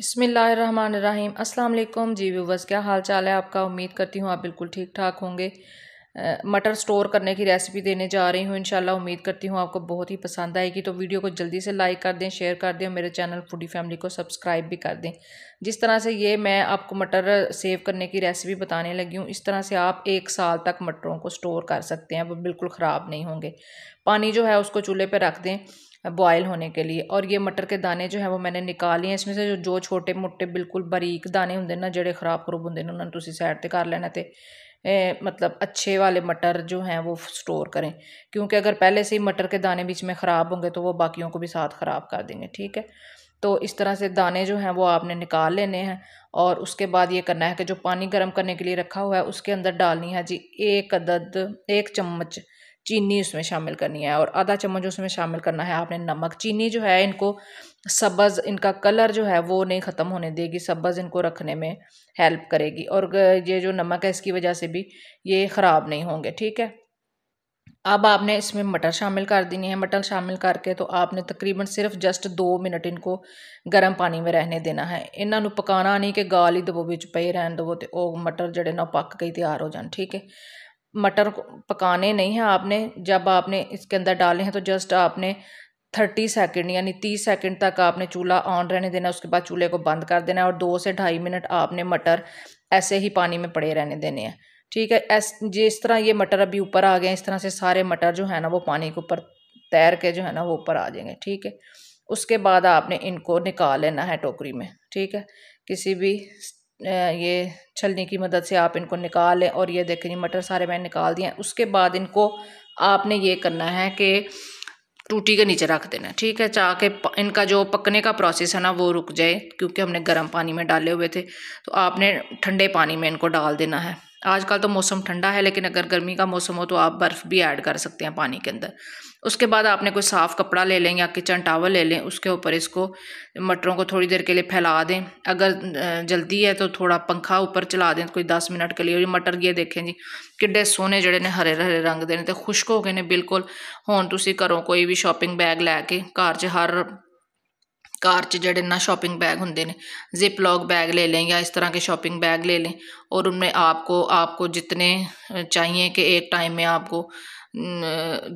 बसमीम अल्लाम जी व्यूवर्स क्या हाल चाल है आपका उम्मीद करती हूँ आप बिल्कुल ठीक ठाक होंगे मटर स्टोर करने की रेसिपी देने जा रही हूँ इंशाल्लाह उम्मीद करती हूँ आपको बहुत ही पसंद आएगी तो वीडियो को जल्दी से लाइक कर दें शेयर कर दें और मेरे चैनल फूडी फैमिली को सब्सक्राइब भी कर दें जिस तरह से ये मैं आपको मटर सेव करने की रेसिपी बताने लगी हूँ इस तरह से आप एक साल तक मटरों को स्टोर कर सकते हैं वो बिल्कुल ख़राब नहीं होंगे पानी जो है उसको चूल्हे पर रख दें बॉयल होने के लिए और ये मटर के दाने जो है वो मैंने निकाले हैं इसमें से जो जो छोटे मोटे बिल्कुल बरीक दाने होंगे ना जड़े खराब खरूब होंगे उन्होंने तुम सैड पर कर लेना थे मतलब अच्छे वाले मटर जो हैं वो स्टोर करें क्योंकि अगर पहले से ही मटर के दाने बीच में ख़राब होंगे तो वो बाकियों को भी साथ ख़राब कर देंगे ठीक है तो इस तरह से दाने जो हैं वो आपने निकाल लेने हैं और उसके बाद ये करना है कि जो पानी गर्म करने के लिए रखा हुआ है उसके अंदर डालनी है जी एक अदद एक चम्मच चीनी उसमें शामिल करनी है और आधा चम्मच उसमें शामिल करना है आपने नमक चीनी जो है इनको सब्ज़ इनका कलर जो है वो नहीं ख़त्म होने देगी सब्ज़ इनको रखने में हेल्प करेगी और ये जो नमक है इसकी वजह से भी ये ख़राब नहीं होंगे ठीक है अब आपने इसमें मटर शामिल कर देनी है मटर शामिल करके तो आपने तकरीबन सिर्फ जस्ट दो मिनट इनको गर्म पानी में रहने देना है इन्हों पकाना नहीं कि गाल ही दबो बिच पे रहन दबो तो वह मटर जोड़े ना पक के तैयार हो जाए ठीक है मटर पकाने नहीं हैं आपने जब आपने इसके अंदर डाले हैं तो जस्ट आपने थर्टी सेकेंड यानी तीस सेकेंड तक आपने चूल्हा ऑन रहने देना उसके बाद चूल्हे को बंद कर देना है और दो से ढाई मिनट आपने मटर ऐसे ही पानी में पड़े रहने देने हैं ठीक है ऐस जिस तरह ये मटर अभी ऊपर आ गए इस तरह से सारे मटर जो है ना वो पानी के ऊपर तैर के जो है ना वो ऊपर आ जाएंगे ठीक है उसके बाद आपने इनको निकाल लेना है टोकरी में ठीक है किसी भी ये छलनी की मदद से आप इनको निकाल लें और ये देखें ये मटर सारे मैंने निकाल दिए उसके बाद इनको आपने ये करना है कि टूटी के नीचे रख देना ठीक है चाह के इनका जो पकने का प्रोसेस है ना वो रुक जाए क्योंकि हमने गर्म पानी में डाले हुए थे तो आपने ठंडे पानी में इनको डाल देना है आजकल तो मौसम ठंडा है लेकिन अगर गर्मी का मौसम हो तो आप बर्फ़ भी ऐड कर सकते हैं पानी के अंदर उसके बाद आपने कोई साफ़ कपड़ा ले लें या किचन टावल ले लें उसके ऊपर इसको मटरों को थोड़ी देर के लिए फैला दें अगर जल्दी है तो थोड़ा पंखा ऊपर चला दें कोई दस मिनट के लिए और मटर ये देखें जी किडे सोने जड़े ने हरे हरे रंग देने तो खुश्क हो गए ने बिल्कुल हूँ तुम घरों कोई भी शॉपिंग बैग लैके घर हर कार 'ਚ ना शॉपिंग बैग होंगे ने जिप लॉक बैग ले लें या इस तरह के शॉपिंग बैग ले लें और उनमें आपको आपको जितने चाहिए कि एक टाइम में आपको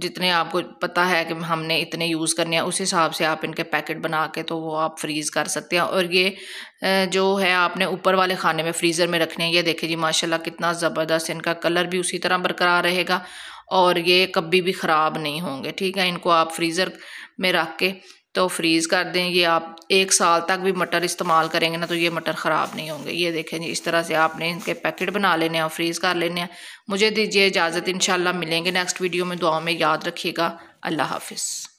जितने आपको पता है कि हमने इतने यूज़ करने हैं उस हिसाब से आप इनके पैकेट बना के तो वो आप फ्रीज़ कर सकते हैं और ये जो है आपने ऊपर वाले खाने में फ्रीज़र में रखने हैं ये देखिए जी माशाल्लाह कितना ज़बरदस्त इनका कलर भी उसी तरह बरकरार रहेगा और ये कभी भी ख़राब नहीं होंगे ठीक है इनको आप फ्रीज़र में रख के तो फ्रीज़ कर दें ये आप एक साल तक भी मटर इस्तेमाल करेंगे ना तो ये मटर ख़राब नहीं होंगे ये देखें जी इस तरह से आपने इनके पैकेट बना लेने हैं और फ्रीज़ कर लेने हैं मुझे दीजिए इजाज़त इन मिलेंगे नेक्स्ट वीडियो में दुआ में याद रखिएगा अल्लाह हाफिज़